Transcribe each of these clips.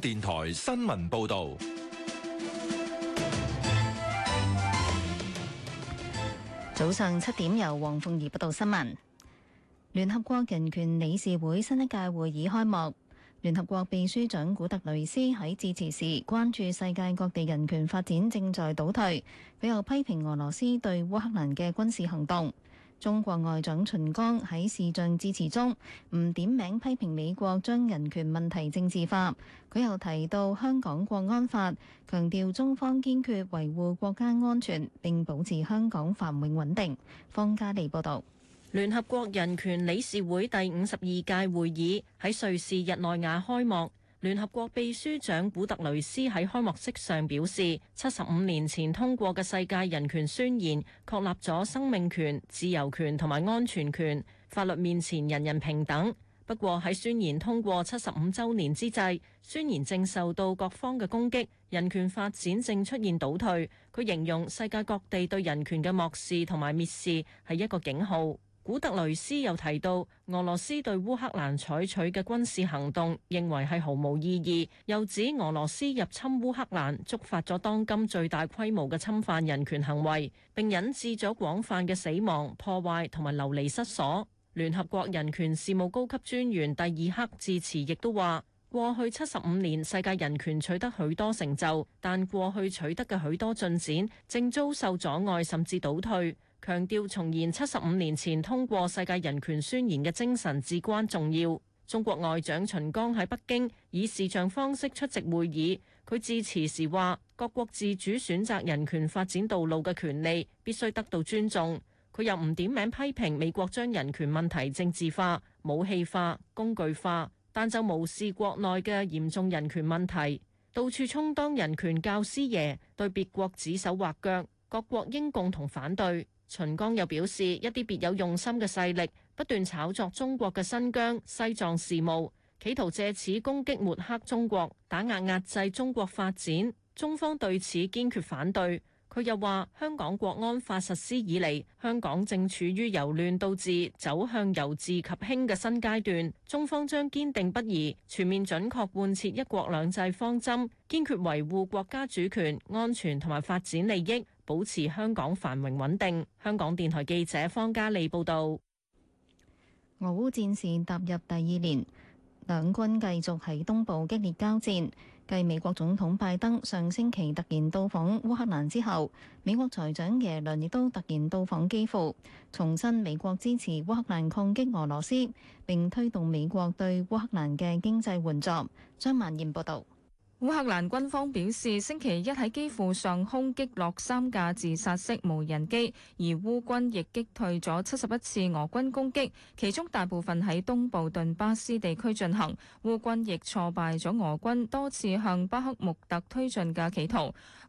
電台新聞報道：早上七點，由黃鳳儀報道新聞。聯合國人權理事會新一屆會議開幕，聯合國秘書長古特雷斯喺致辭時關注世界各地人權發展正在倒退，佢又批評俄羅斯對烏克蘭嘅軍事行動。中國外長秦剛喺視像致辭中，唔點名批評美國將人權問題政治化。佢又提到香港國安法，強調中方堅決維護國家安全，並保持香港繁榮穩定。方家利報道。聯合國人權理事會第五十二屆會議喺瑞士日內瓦開幕。聯合國秘書長古特雷斯喺開幕式上表示，七十五年前通過嘅《世界人權宣言》確立咗生命權、自由權同埋安全權，法律面前人人平等。不過喺宣言通過七十五週年之際，宣言正受到各方嘅攻擊，人權發展正出現倒退。佢形容世界各地對人權嘅漠視同埋蔑視係一個警號。古特雷斯又提到，俄羅斯對烏克蘭採取嘅軍事行動，認為係毫無意義，又指俄羅斯入侵烏克蘭觸發咗當今最大規模嘅侵犯人權行為，並引致咗廣泛嘅死亡、破壞同埋流離失所。聯合國人權事務高級專員蒂爾克致辭亦都話，過去七十五年，世界人權取得許多成就，但過去取得嘅許多進展，正遭受阻礙甚至倒退。強調重現七十五年前通過世界人權宣言嘅精神至關重要。中國外長秦剛喺北京以視像方式出席會議，佢致辭時話：各國自主選擇人權發展道路嘅權利必須得到尊重。佢又唔點名批評美國將人權問題政治化、武器化、工具化，但就無視國內嘅嚴重人權問題，到處充當人權教師爺，對別國指手畫腳。各國應共同反對。秦剛又表示，一啲別有用心嘅勢力不斷炒作中國嘅新疆、西藏事務，企圖借此攻擊抹黑中國打壓壓制中國發展。中方對此堅決反對，佢又話香港國安法實施以嚟，香港正處於由亂到治、走向由治及興嘅新階段。中方將堅定不移全面準確貫徹一國兩制方針，堅決維護國家主權安全同埋發展利益。保持香港繁榮穩定。香港電台記者方嘉莉報道。俄烏戰線踏入第二年，兩軍繼續喺東部激烈交戰。繼美國總統拜登上星期突然到訪烏克蘭之後，美國財長耶倫亦都突然到訪基輔，重申美國支持烏克蘭抗擊俄羅斯，並推動美國對烏克蘭嘅經濟援助。張曼燕報導。烏克蘭軍方表示，星期一喺基輔上空擊落三架自殺式無人機，而烏軍亦擊退咗七十一次俄軍攻擊，其中大部分喺東部頓巴斯地區進行。烏軍亦挫敗咗俄軍多次向巴克穆特推進嘅企圖。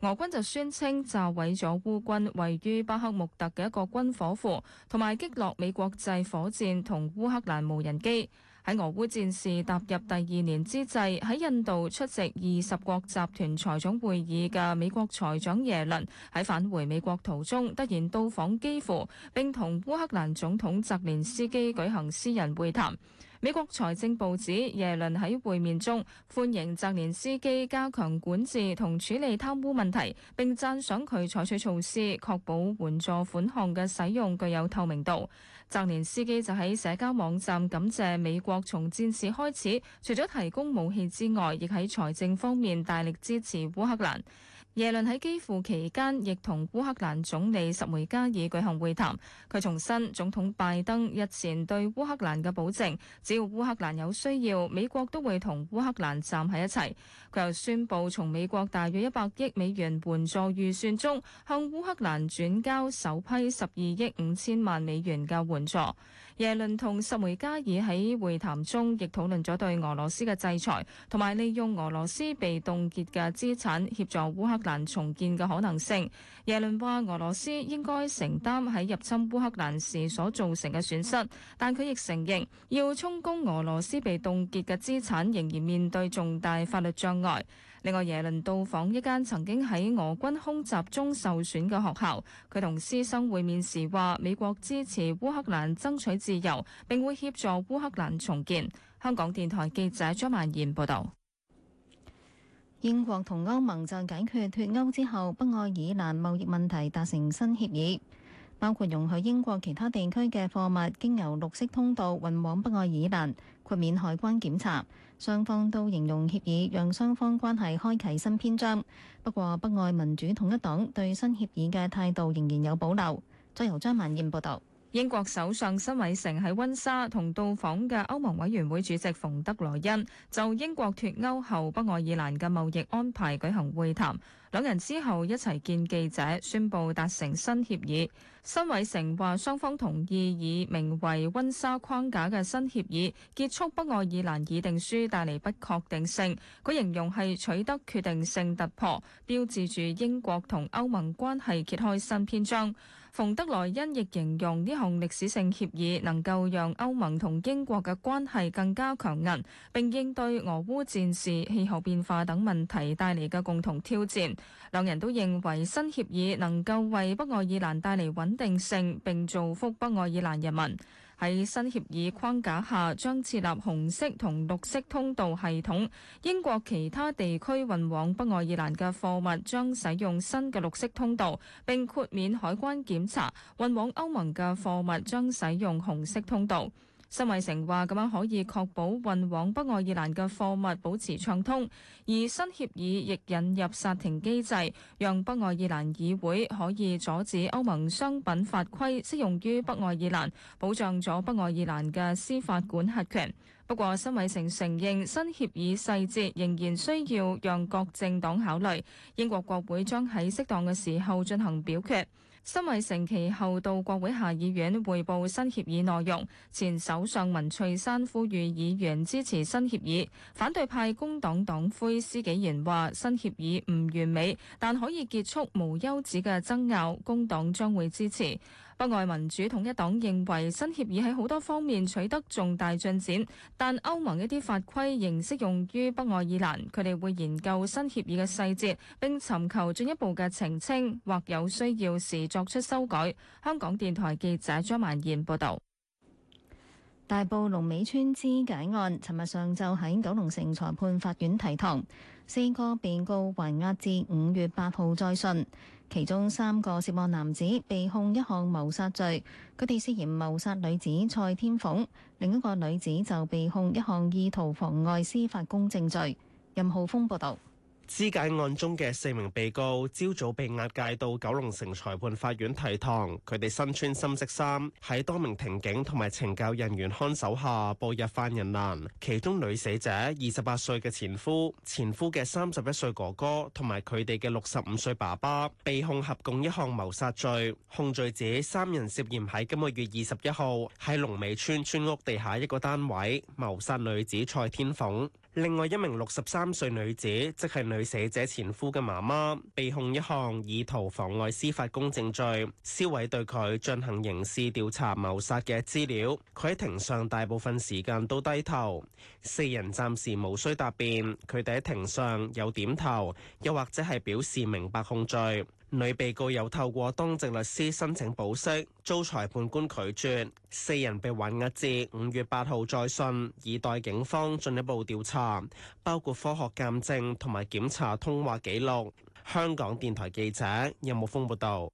俄軍就宣稱炸毀咗烏軍位於巴克穆特嘅一個軍火庫，同埋擊落美國製火箭同烏克蘭無人機。喺俄烏戰事踏入第二年之際，喺印度出席二十國集團財長會議嘅美國財長耶倫喺返回美國途中，突然到訪基輔，並同烏克蘭總統澤連斯基舉行私人會談。美國財政部指耶倫喺會面中歡迎澤連斯基加強管治同處理貪污問題，並讚賞佢採取措施確保援助款項嘅使用具有透明度。澤連斯基就喺社交網站感謝美國從戰事開始，除咗提供武器之外，亦喺財政方面大力支持烏克蘭。耶倫喺基輔期間，亦同烏克蘭總理什梅加爾舉行會談。佢重申總統拜登日前對烏克蘭嘅保證，只要烏克蘭有需要，美國都會同烏克蘭站喺一齊。佢又宣布從美國大約一百億美元援助預算中，向烏克蘭轉交首批十二億五千萬美元嘅援助。耶倫同什梅加爾喺會談中亦討論咗對俄羅斯嘅制裁，同埋利用俄羅斯被凍結嘅資產協助烏克蘭重建嘅可能性。耶倫話：俄羅斯應該承擔喺入侵烏克蘭時所造成嘅損失，但佢亦承認要充公俄羅斯被凍結嘅資產仍然面對重大法律障礙。另外，耶倫到訪一間曾經喺俄軍空襲中受損嘅學校，佢同師生會面時話：美國支持烏克蘭爭取自由，並會協助烏克蘭重建。香港電台記者張曼賢報導。英國同歐盟就解決脱歐之後北愛爾蘭貿易問題達成新協議，包括容許英國其他地區嘅貨物經由綠色通道運往北愛爾蘭。豁免海關檢查，雙方都形容協議讓雙方關係開啟新篇章。不過，北愛民主統一黨對新協議嘅態度仍然有保留。再由張萬燕報導。英國首相辛偉誠喺溫莎同到訪嘅歐盟委員會主席馮德萊恩就英國脫歐後北愛爾蘭嘅貿易安排舉行會談，兩人之後一齊見記者，宣布達成新協議。辛偉誠話：雙方同意以名為溫莎框架嘅新協議結束北愛爾蘭議定書帶嚟不確定性。佢形容係取得決定性突破，標誌住英國同歐盟關係揭開新篇章。馮德萊恩亦形容呢項歷史性協議能夠讓歐盟同英國嘅關係更加強硬，並應對俄烏戰事、氣候變化等問題帶嚟嘅共同挑戰。兩人都認為新協議能夠為北愛爾蘭帶嚟穩定性，並造福北愛爾蘭人民。喺新協議框架下，將設立紅色同綠色通道系統。英國其他地區運往北愛爾蘭嘅貨物將使用新嘅綠色通道，並豁免海關檢查。運往歐盟嘅貨物將使用紅色通道。辛偉誠話：咁樣可以確保運往北愛爾蘭嘅貨物保持暢通，而新協議亦引入煞停機制，讓北愛爾蘭議會可以阻止歐盟商品法規適用於北愛爾蘭，保障咗北愛爾蘭嘅司法管轄權。不過，辛偉誠承認新協議細節仍然需要讓各政黨考慮，英國國會將喺適當嘅時候進行表決。辛偉誠其後到國會下議院匯報新協議內容，前首相文翠珊呼籲議員支持新協議。反對派工黨黨魁施紀賢話：新協議唔完美，但可以結束無休止嘅爭拗，工黨將會支持。北愛民主統一黨認為新協議喺好多方面取得重大進展，但歐盟一啲法規仍適用於北愛爾蘭，佢哋會研究新協議嘅細節，並尋求進一步嘅澄清，或有需要時作出修改。香港電台記者張曼燕報導。大埔龍尾村肢解案，尋日上晝喺九龍城裁判法院提堂。四個被告還押至五月八號再訊，其中三個涉案男子被控一項謀殺罪，佢哋涉嫌謀殺女子蔡天鳳，另一個女子就被控一項意圖妨礙司法公正罪。任浩峰報道。肢解案中嘅四名被告，朝早被押解到九龍城裁判法院提堂。佢哋身穿深色衫，喺多名庭警同埋懲教人員看守下步入犯人欄。其中女死者二十八歲嘅前夫、前夫嘅三十一歲哥哥同埋佢哋嘅六十五歲爸爸被控合共一項謀殺罪。控罪指三人涉嫌喺今個月二十一號喺龍尾村村屋地下一個單位謀殺女子蔡天鳳。另外一名六十三歲女子，即係女死者前夫嘅媽媽被控一項意圖妨礙司法公正罪，銷毀對佢進行刑事調查謀殺嘅資料。佢喺庭上大部分時間都低頭，四人暫時無需答辯，佢哋喺庭上有點頭，又或者係表示明白控罪。女被告又透過當值律師申請保釋，遭裁判官拒絕。四人被還押至五月八號再訊，以待警方進一步調查，包括科學鑑證同埋檢查通話記錄。香港電台記者任慕峰報道。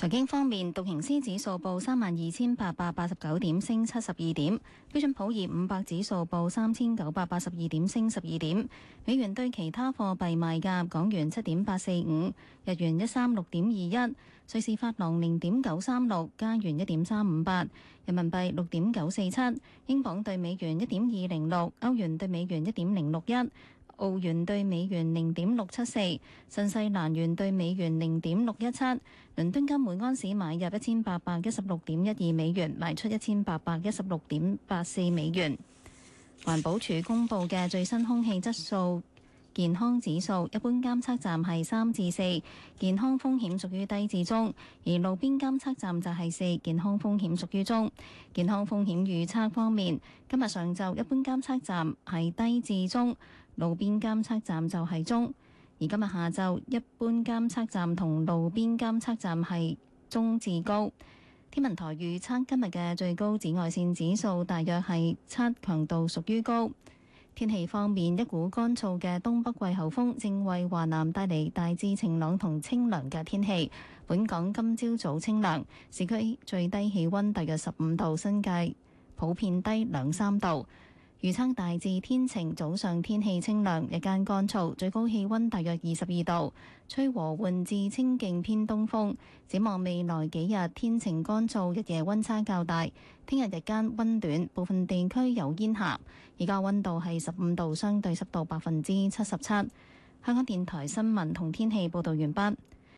財經方面，道瓊斯指數報三萬二千八百八十九點，升七十二點；標準普爾五百指數報三千九百八十二點，升十二點。美元對其他貨幣賣價，港元七點八四五，日元一三六點二一，瑞士法郎零點九三六，加元一點三五八，人民幣六點九四七，英鎊對美元一點二零六，歐元對美元一點零六一。澳元兌美元零點六七四，新西蘭元兌美元零點六一七，倫敦金每安士買入一千八百一十六點一二美元，賣出一千八百一十六點八四美元。環保署公布嘅最新空氣質素健康指數，一般監測站係三至四，健康風險屬於低至中；而路邊監測站就係四，健康風險屬於中。健康風險預測方面，今日上晝一般監測站係低至中。路邊監測站就係中，而今日下晝一般監測站同路邊監測站係中至高。天文台預測今日嘅最高紫外線指數大約係七，強度屬於高。天氣方面，一股乾燥嘅東北季候風正為華南帶嚟大致晴朗同清涼嘅天氣。本港今朝早清涼，市區最低氣温大約十五度，新界普遍低兩三度。預測大致天晴，早上天氣清涼，日間乾燥，最高氣温大約二十二度，吹和緩至清勁偏東風。展望未來幾日天晴乾燥，日夜温差較大。聽日日間温暖，部分地區有煙霞。而家温度係十五度，相對濕度百分之七十七。香港電台新聞同天氣報道完畢。